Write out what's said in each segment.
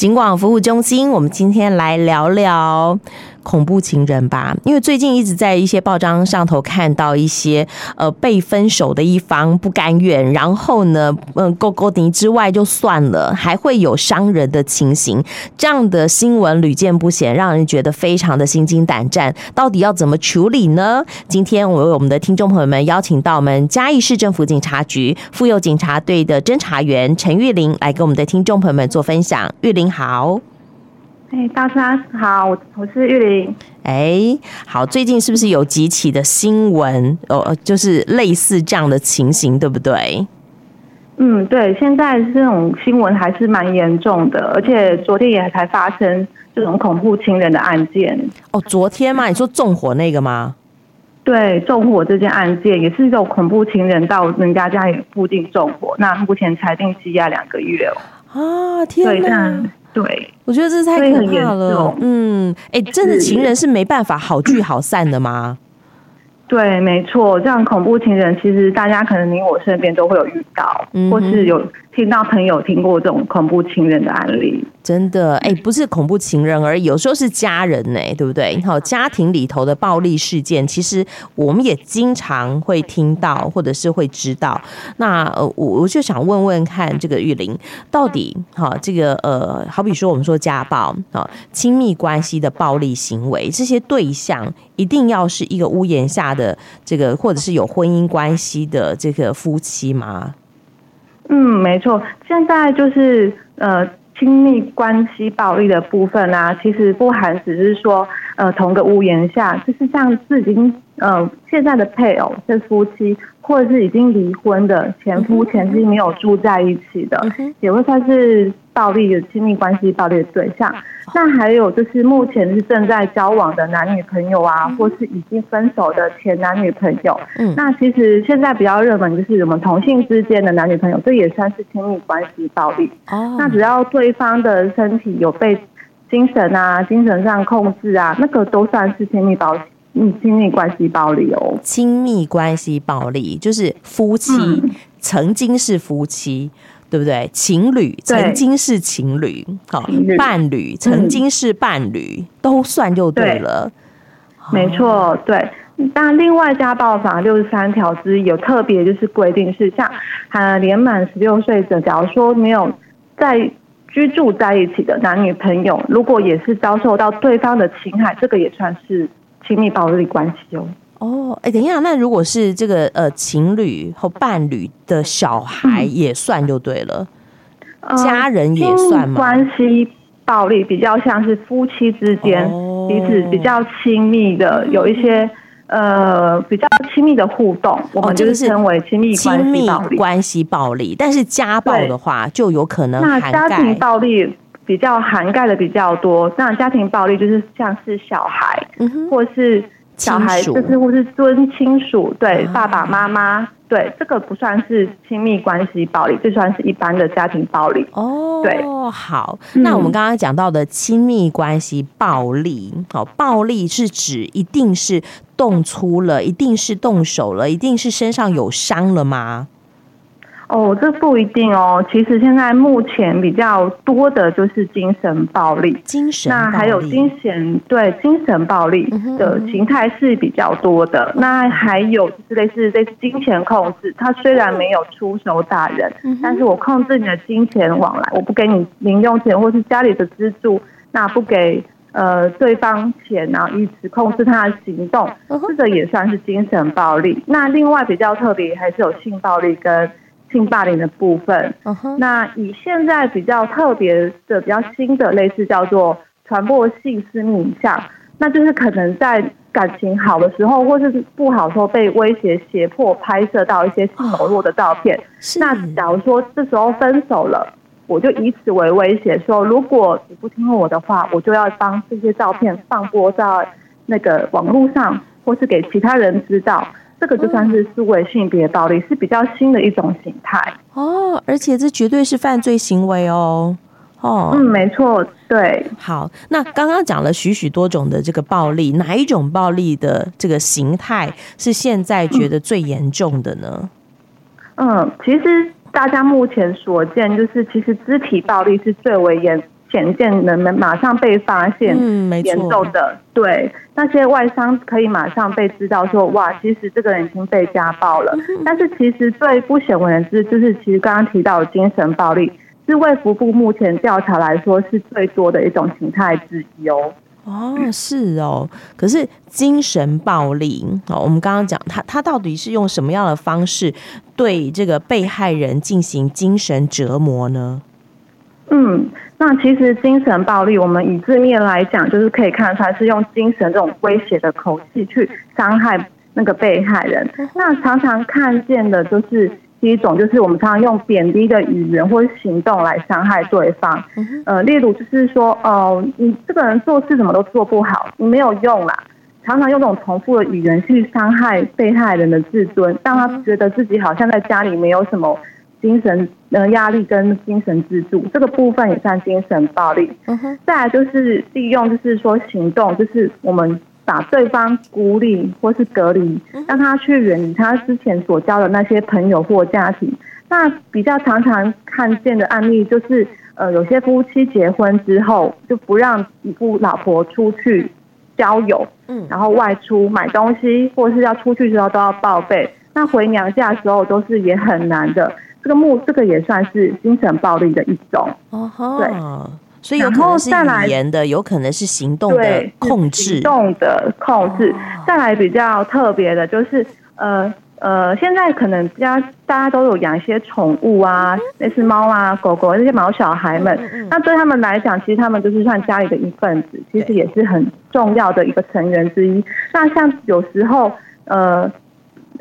警廣服務中心，我們今天來聊聊恐怖情人吧，因為最近一直在一些報章上頭看到一些呃被分手的一方不甘願，然後呢，嗯、呃，勾勾你之外就算了，還會有傷人的情形，這樣的新聞屢見不鮮，讓人覺得非常的心驚膽戰。到底要怎麼處理呢？今天我為我們的聽眾朋友們邀請到我們嘉義市政府警察局婦幼警察隊的偵查員陳鈺伶來給我們的聽眾朋友們做分享。鈺伶好。大家好，我是鈺伶。哎、欸，好，最近是不是有幾起的新聞？哦，就是類似這樣的情形，對不對？嗯，對，現在這種新聞還是蠻嚴重的，而且昨天也才發生這種恐怖情人的案件。哦，昨天嗎？你說縱火那個嗎？對，縱火這件案件也是這種恐怖情人到人家家裡附近縱火，那目前裁定羈押兩個月哦。啊，天哪！對，我覺得這是太可怕了。嗯，哎，真的情人是沒辦法好聚好散的嗎？對，沒錯，這樣恐怖情人其實大家可能你我身邊都會有遇到，或是有聽到朋友聽過這種恐怖情人的案例。真的哎、欸，不是恐怖情人而已，有時候是家人呢、欸，對不對？好，家庭裡頭的暴力事件，其實我們也經常會聽到，或者是會知道。那我我就想問問看這，這個鈺伶到底，好，這個呃，好比說我們說家暴啊，親密關係的暴力行為，這些對象一定要是一個屋檐下的這個，或者是有婚姻關係的這個夫妻嗎？嗯，沒錯，現在就是呃。親密關係暴力的部分啊，其實不含只是說，呃，同個屋檐下，就是像自己已經，呃，現在的配偶是夫妻，或者是已經離婚的前夫前妻沒有住在一起的。mm -hmm. 也會算是。暴力的親密關係暴力的對象，哦、那還有就是目前是正在交往的男女朋友啊、嗯，或是已經分手的前男女朋友。嗯，那其實現在比較熱門，就是我們同性之間的男女朋友，這也算是親密關係暴力。哦，那只要對方的身體有被精神啊、精神上控制啊，那個都算是親密暴嗯親密關係暴力哦。親密關係暴力就是夫妻、嗯、曾經是夫妻。對不對？情侶，曾經是情侶，好，伴侶曾經是伴侶，都算就對了。對沒錯，對。那另外家暴法六十三條之一有特別就是規定是，像呃年、啊、滿十六歲者，假如說沒有在居住在一起的男女朋友，如果也是遭受到對方的侵害，這個也算是親密暴力關係哦。哦，哎，等一下，那如果是這個呃情侶或伴侶的小孩也算就對了，嗯、家人也算嗎？親密關係暴力，比較像是夫妻之間彼此比較親密的，哦、有一些呃比較親密的互動，哦，我們就是稱為親密親密關係暴力。但是家暴的話，就有可能涵蓋，那家庭暴力比較涵蓋的比較多，那家庭暴力就是像是小孩，嗯、或是。小孩子似乎是尊親屬，對、嗯、爸爸媽媽，對，這個不算是親密關係暴力，這算是一般的家庭暴力。哦，對，好、嗯，那我們剛剛講到的親密關係暴力，好，暴力是指一定是動粗了，一定是動手了，一定是身上有傷了嗎？哦，這不一定哦。其實現在目前比較多的就是精神暴力，精神暴力那還有精神對精神暴力的形態是比較多的。嗯哼嗯哼，那還有就是類似類似金錢控制，他雖然沒有出手打人，嗯、但是我控制你的金錢往來，我不給你零用錢或是家裡的資助，那不給呃對方錢然後、啊、一直控制他的行動，這、嗯、個也算是精神暴力。那另外比較特別還是有性暴力跟。性霸凌的部分，uh -huh. 那以現在比較特別的、比較新的，類似叫做傳播性私密影像，那就是可能在感情好的時候或是不好時候被威脅脅迫拍攝到一些性裸露的照片。Uh -huh. 那假如說這時候分手了，我就以此為威脅，說如果你不聽我的話，我就要幫這些照片放播在那個網路上，或是給其他人知道。Uh -huh. 這個就算是數位性別暴力，是比較新的一種形態哦，而且這絕對是犯罪行為哦，哦，嗯，沒錯，對，好，那剛剛講了許許多種的這個暴力，哪一種暴力的這個形態是現在覺得最嚴重的呢？嗯，嗯，其實大家目前所見，就是其實肢體暴力是最為嚴。顯見人們馬上被發現，嗯，沒錯，嚴重的對那些外傷可以馬上被知道說，說哇，其實這個人已經被家暴了。但是其實最不顯為人知，就是其實剛剛提到的精神暴力，是衛福部目前調查來說是最多的一種形態之一哦、喔。哦，是哦。可是精神暴力哦，我們剛剛講他他到底是用什麼樣的方式對這個被害人進行精神折磨呢？嗯。那其實精神暴力，我們以字面來講，就是可以看出來是用精神這種威脅的口氣去傷害那個被害人。那常常看見的就是第一種，就是我們常常用貶低的語言或是行動來傷害對方。呃，例如就是說，哦、呃，你這個人做事怎麼都做不好，你沒有用啦。常常用這種重複的語言去傷害被害人的自尊，讓他覺得自己好像在家裡沒有什麼。精神呃壓力跟精神支柱這個部分也算精神暴力。嗯哼。再來就是利用，就是說行動，就是我們把對方孤立或是隔離，讓他去遠離他之前所交的那些朋友或家庭。那比較常常看見的案例就是，呃，有些夫妻結婚之後就不讓一部老婆出去交友，嗯，然後外出買東西或是要出去之後都要報備。那回娘家的時候都是也很難的。這個木這個也算是精神暴力的一種哦，對，所以有可能是語言的，有可能是行動的控制，對行動的控制、哦。再來比較特別的，就是呃呃，現在可能家大家都有養一些寵物啊，嗯、那是貓啊、狗狗那些毛小孩們。嗯嗯嗯那對他們來講，其實他們就是算家裡的一份子，其實也是很重要的一個成員之一。那像有時候呃。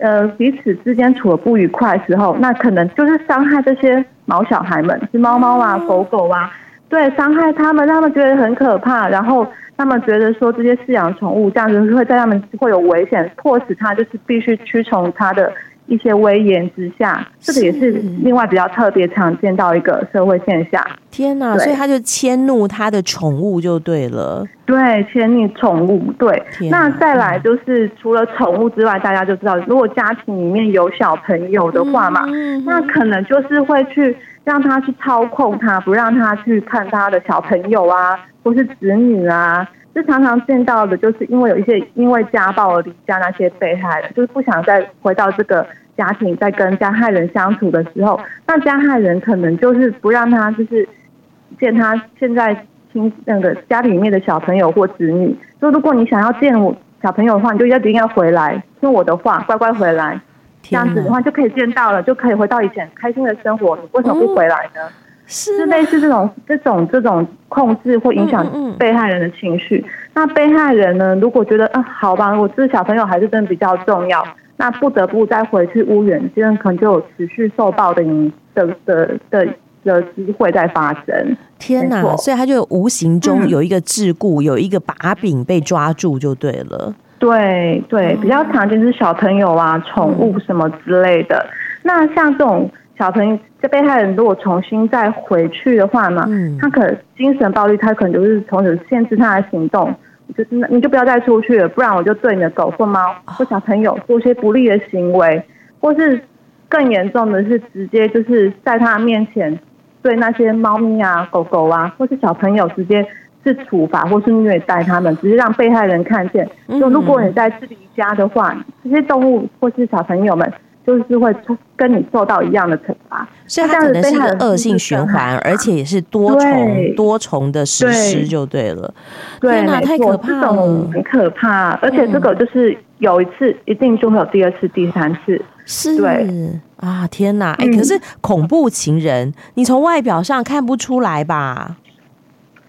呃，彼此之間處了不愉快的時候，那可能就是傷害這些毛小孩們，是貓貓啊、狗狗啊，對，傷害他們，讓他們覺得很可怕，然後他們覺得說，這些飼養寵物這樣子會在他們會有危險，迫使他就是必須屈從他的，一些威嚴之下，這個也是另外比較特別常見到一個社會現象。天哪、啊！所以他就遷怒他的寵物就對了。對，遷怒寵物。對、啊，那再來就是、啊、除了寵物之外，大家就知道，如果家庭裡面有小朋友的話嘛、嗯，那可能就是會去讓他去操控他，不讓他去看他的小朋友啊，或是子女啊。是常常見到的，就是因為有一些因為家暴而離家那些被害的，就是不想再回到這個家庭，再跟加害人相處的時候，那加害人可能就是不讓他就是見他現在親那個家裡面的小朋友或子女。就如果你想要見我小朋友的話，你就一定要回來聽我的話，乖乖回來，這樣子的話就可以見到了，就可以回到以前開心的生活。你為什麼不回來呢？是、啊，就類似這種這種這種控制會影響被害人的情緒、嗯嗯。那被害人呢？如果覺得啊，好吧，我這小朋友還是真的比較重要，那不得不再回去屋遠，這可能就有持續受暴的、的、的、的的機會在發生。天哪、啊！所以他就無形中有一個桎梏、嗯，有一個把柄被抓住就對了。對對、嗯，比較常見是小朋友啊、嗯、寵物什麼之類的。那像這種。小朋友，這被害人如果重新再回去的話呢、嗯，他可能精神暴力，他可能就是從此限制他的行動，就是那你就不要再出去了，不然我就對你的狗或貓或小朋友做一些不利的行為，或是更嚴重的是直接就是在他面前對那些貓咪啊、狗狗啊或是小朋友直接是處罰或是虐待他們，只是讓被害人看見。就、嗯嗯、如果你在自己家的話，這些動物或是小朋友們。就是會跟你受到一樣的懲罰，所以它這樣子是一個惡性循環，而且也是多重、多重的實施，就對了。對啊，太可怕了，很可怕、嗯。而且這個就是有一次，一定就會有第二次、第三次。對，是啊，天哪、欸！可是恐怖情人，嗯、你從外表上看不出來吧？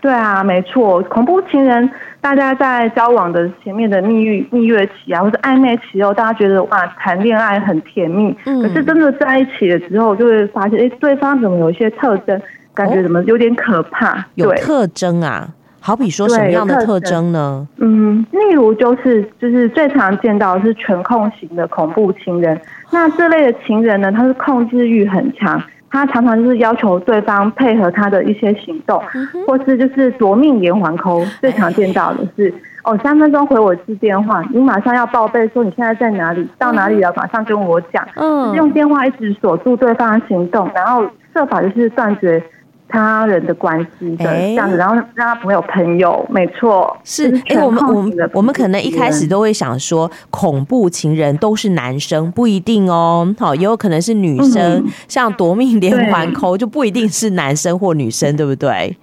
對啊，沒錯，恐怖情人，大家在交往的前面的蜜月蜜月期啊，或者曖昧期哦，大家覺得哇，談戀愛很甜蜜、嗯，可是真的在一起的時候，就會發現，哎、欸，對方怎麼有一些特徵，感覺怎麼有點可怕？哦、對，有特徵啊，好比說什麼樣的特徵呢？特。嗯，例如就是就是最常見到的是權控型的恐怖情人，那這類的情人呢，他是控制欲很強。他常常就是要求對方配合他的一些行動，嗯、或是就是奪命連環扣。最常見到的是，哦，三分鐘回我一次電話，你馬上要報備說你現在在哪裡，到哪裡了，馬上就跟我講，嗯、就是用電話一直鎖住對方的行動，然後設法就是斷絕他人的關係的這樣子，然、欸、後讓他不會有朋友，沒錯，是。哎、就是欸，我們我們我們可能一開始都會想說，恐怖情人都是男生，不一定哦。好，也有可能是女生，嗯、像奪命連環扣就不一定是男生或女生，對，對不對？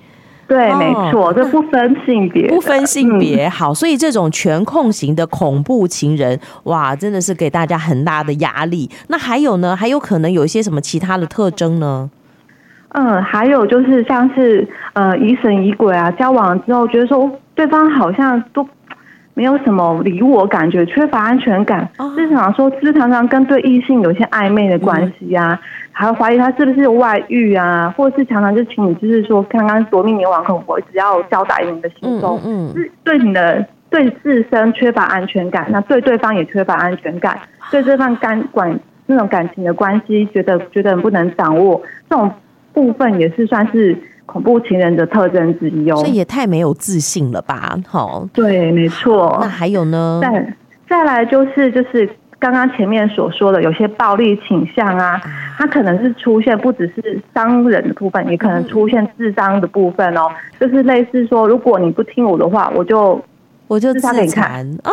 對，沒錯，就、哦、不分性別，不分性別、嗯。好，所以這種權控型的恐怖情人，哇，真的是給大家很大的壓力。那還有呢？還有可能有一些什麼其他的特徵呢？嗯，還有就是像是呃疑神疑鬼啊，交往了之後覺得說對方好像都沒有什麼理我，感覺缺乏安全感，就是想說是不是常常跟對異性有些曖昧的關係啊？嗯、還懷疑他是不是有外遇啊？或者是常常就請你就是說剛剛奪命連環扣，很不只要交代你的行蹤，嗯，嗯，對你的對自身缺乏安全感，那對對方也缺乏安全感，對這份感管那種感情的關係，覺得覺得很不能掌握這種。部分也是算是恐怖情人的特徵之一哦，這也太沒有自信了吧？好，對，沒錯。那還有呢？再再來就是就是剛剛前面所說的有些暴力傾向啊，他可能是出現不只是傷人的部分，也可能出現自傷的部分哦、嗯。就是類似說，如果你不聽我的話，我就自殺給你看，我就自殘哦，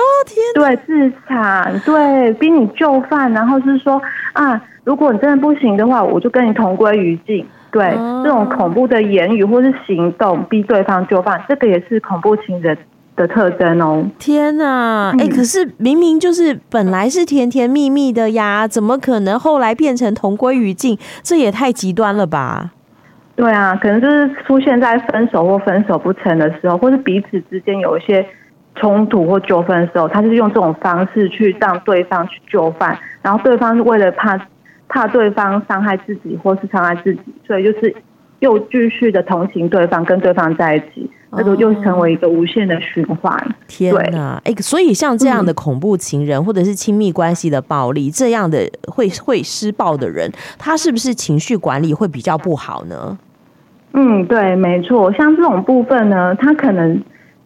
天，對，自殘，對，逼你就範，然後是說啊，如果你真的不行的話，我就跟你同歸於盡。對、嗯，這種恐怖的言語或是行動，逼對方就範，這個也是恐怖情人的特徵哦。天啊，哎、嗯，欸，可是明明就是本來是甜甜蜜蜜的呀，怎麼可能後來變成同歸於盡？這也太極端了吧？對啊，可能就是出現在分手或分手不成的時候，或是彼此之間有一些衝突或糾紛的時候，他就是用這種方式去讓對方去就範，然後對方是為了怕。怕對方傷害自己，或是傷害自己，所以就是又繼續的同情對方，跟對方在一起，那就又成為一個無限的循環，oh。天哪！哎、欸，所以像這樣的恐怖情人，嗯、或者是親密關係的暴力，這樣的會會施暴的人，他是不是情緒管理會比較不好呢？嗯，對，沒錯，像這種部分呢，他可能。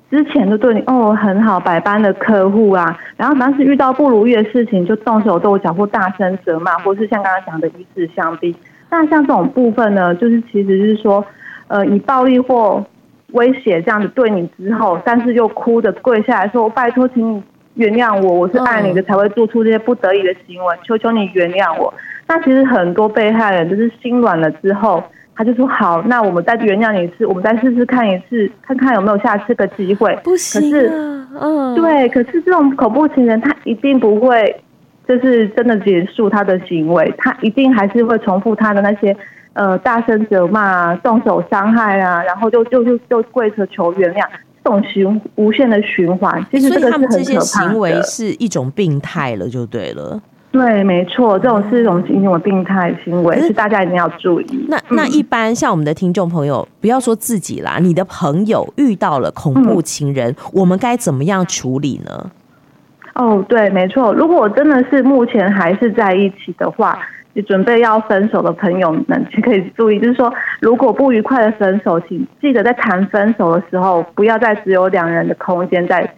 之前就對你哦很好，百般的呵護啊，然後當時遇到不如意的事情就動手動腳或大聲責罵，或是像剛剛講的以死相逼。那像這種部分呢，就是其實是說，呃，以暴力或威脅這樣子對你之後，但是又哭着跪下來說：“我拜托，請你原諒我，我是愛你的，才會做出這些不得已的行為，求求你原諒我。”那其實很多被害人就是心軟了之後。他就說好，那我們再原諒一次，我們再試試看一次，看看有沒有下次的機會。不行、啊可是，嗯，對，可是這種恐怖情人他一定不會，就是真的結束他的行為，他一定還是會重複他的那些，呃，大聲責罵、動手傷害啊，然後就就就就跪着求原諒，這種循無限的循環，其實這個是很可怕的，欸、行為是一種病態了，就對了。對，沒錯，這種是一種行的病態的行為、嗯，是大家一定要注意。那那一般像我們的聽眾朋友、嗯，不要說自己啦，你的朋友遇到了恐怖情人、嗯，我們該怎麼樣處理呢？哦，對，沒錯，如果真的是目前還是在一起的話，你準備要分手的朋友們可以注意，就是說，如果不愉快的分手，請記得在談分手的時候，不要再只有兩人的空間在。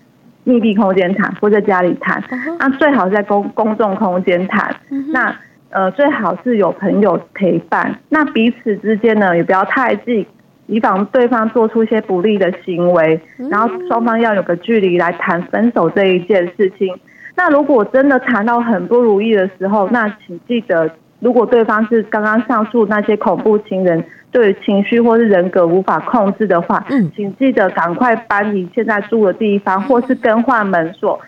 密閉空間談，或者在家裡談，那、啊、最好在公公眾空間談。那呃，最好是有朋友陪伴。那彼此之間呢，也不要太近，以防對方，做出一些不利的行為。然後雙方要有個距離來談分手這一件事情。那如果真的談到很不如意的時候，那請記得，如果對方是剛剛上述那些恐怖情人。對情緒或是人格無法控制的話，嗯，請記得趕快搬離現在住的地方，或是更換門鎖，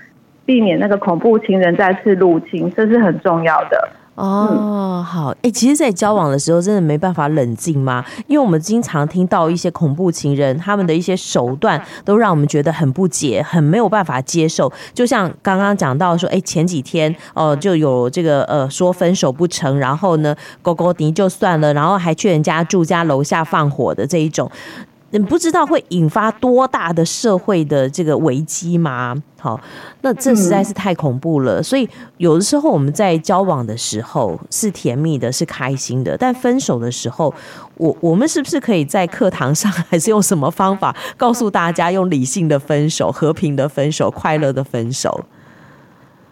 避免那個恐怖情人再次入侵，這是很重要的。哦，好，哎、欸，其實，在交往的時候，真的沒辦法冷靜嗎？因為我們經常聽到一些恐怖情人，他們的一些手段，都讓我們覺得很不解，很沒有辦法接受。就像剛剛講到說，哎、欸，前幾天，哦、呃，就有這個，呃，說分手不成，然後呢，勾勾纏就算了，然後還去人家住家樓下放火的這一種。你不知道會引發多大的社會的這個危機嗎？好，那這實在是太恐怖了。嗯。所以有的時候我們在交往的時候是甜蜜的，是開心的，但分手的時候，我我們是不是可以在課堂上還是用什麼方法告訴大家，用理性的分手、和平的分手、快樂的分手？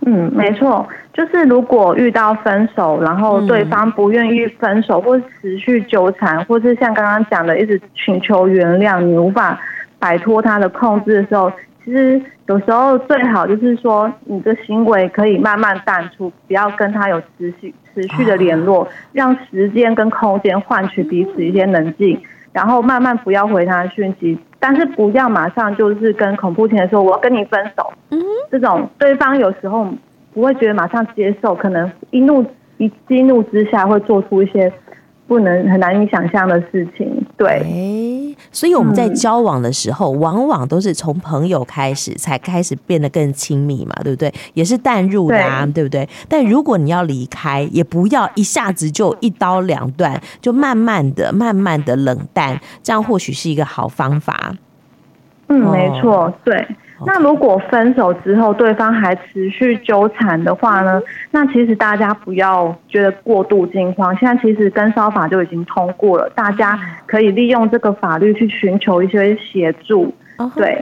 嗯，沒錯，就是如果遇到分手，然後對方不願意分手，或持續糾纏，或是像剛剛講的，一直請求原諒，你無法擺脫他的控制的時候，其實有時候最好就是說，你的行為可以慢慢淡出，不要跟他有持續持續的聯絡，讓時間跟空間換取彼此一些冷靜，然後慢慢不要回他訊息。但是不要馬上就是跟恐怖情人說，我跟你分手。嗯，這種對方有時候不會覺得馬上接受，可能一怒一激怒之下會做出一些。不能很難以想象的事情，對、欸。所以我們在交往的時候，嗯、往往都是從朋友開始，才開始變得更親密嘛，對不對？也是淡入的、啊對，對不對？但如果你要離開，也不要一下子就一刀兩斷，就慢慢的、慢慢的冷淡，這樣或許是一個好方法。嗯，哦、沒錯，對。那如果分手之後對方還持續糾纏的話呢？那其實大家不要覺得過度驚慌。現在其實跟騷法就已經通過了，大家可以利用這個法律去尋求一些協助。對，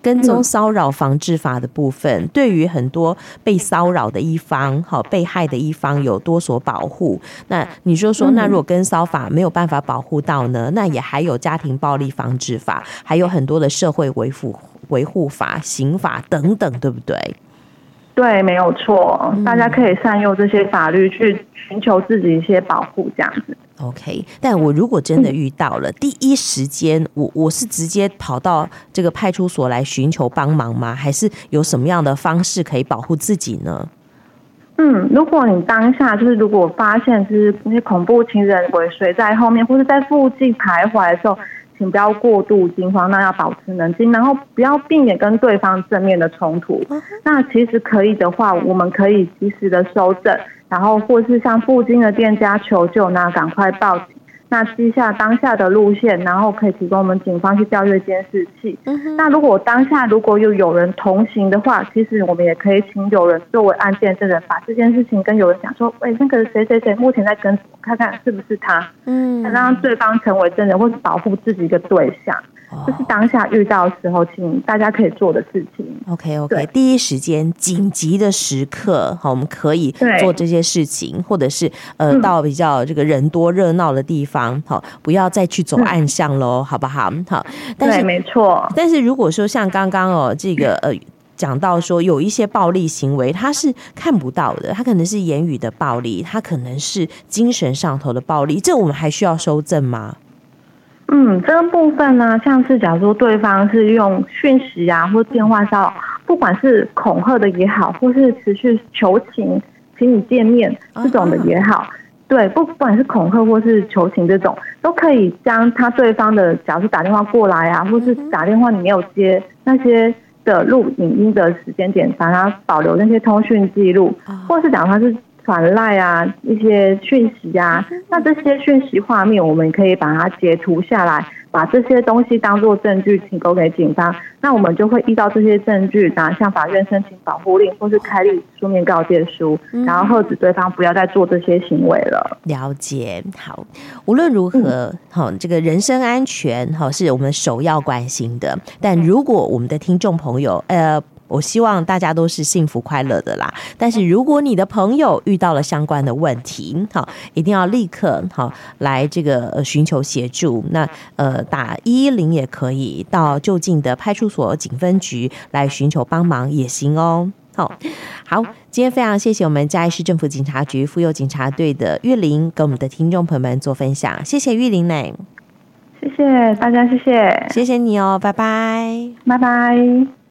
跟蹤騷擾防治法的部分，對於很多被騷擾的一方，好被害的一方有多所保護。那你就說，說，那如果跟騷法沒有辦法保護到呢？那也還有家庭暴力防治法，還有很多的社會維護維護法、刑法等等，對不對？對，沒有錯，嗯。大家可以善用這些法律去尋求自己一些保護，這樣子。OK。但我如果真的遇到了，嗯，第一時間我我是直接跑到這個派出所來尋求幫忙嗎？還是有什麼樣的方式可以保護自己呢？嗯，如果你當下就是如果發現就是那些恐怖情人尾隨在後面，嗯，或者在附近徘徊的時候。嗯請不要過度驚慌，那要保持冷靜，然後不要避免跟對方正面的衝突。那其實可以的話，我們可以及時的蒐證，然後或是向附近的店家求救，那趕快報警。那記下當下的路線，然後可以提供我們警方去調閱監視器、嗯。那如果當下如果有有人同行的話，其實我們也可以請有人作為案件證人，把這件事情跟有人講說：“喂，欸，那個誰誰誰目前在跟，看看是不是他。”嗯，讓對方成為證人，或者保護自己一個對象，就是當下遇到的時候，請大家可以做的事情。OK，OK，okay, okay, 第一時間緊急的時刻，好，我們可以做這些事情，或者是呃、嗯，到比較這個人多熱鬧的地方，好，不要再去走暗巷嘍、嗯，好不好？好，但是沒錯，但是如果說像剛剛哦，這個呃，講到說有一些暴力行為，它是看不到的，它可能是言語的暴力，它可能是精神上頭的暴力，這我們還需要蒐證嗎？嗯，這個部分呢，像是假如說對方是用訊息啊，或電話騷擾，不管是恐嚇的也好，或是持續求情，請你見面這種的也好，Uh-huh. 對，不管是恐嚇或是求情這種，都可以將他對方的，假如是打電話過來啊，或是打電話你沒有接那些的錄影音的時間點，把它保留那些通訊記錄，或是假如他是。傳賴啊，一些訊息呀，啊，那這些訊息畫面，我們可以把它截圖下來，把這些東西當做證據提供給警方，那我們就會依照這些證據，拿向法院申請保護令，或是開立書面告誡書，然後喝止對方不要再做這些行為了。嗯，了解，好，無論如何，好，嗯哦，這個人身安全，哈，是我們首要關心的。但如果我們的聽眾朋友，呃。我希望大家都是幸福快樂的啦。但是如果你的朋友遇到了相關的問題，好，一定要立刻好來這個尋求協助。那呃，打一一零也可以，到就近的派出所警分局來尋求幫忙也行哦。好，好，今天非常謝謝我們嘉義市政府警察局婦幼警察隊的鈺伶，跟我們的聽眾朋友們做分享。謝謝鈺伶呢，謝謝大家，謝謝，謝謝你哦，拜拜，拜拜。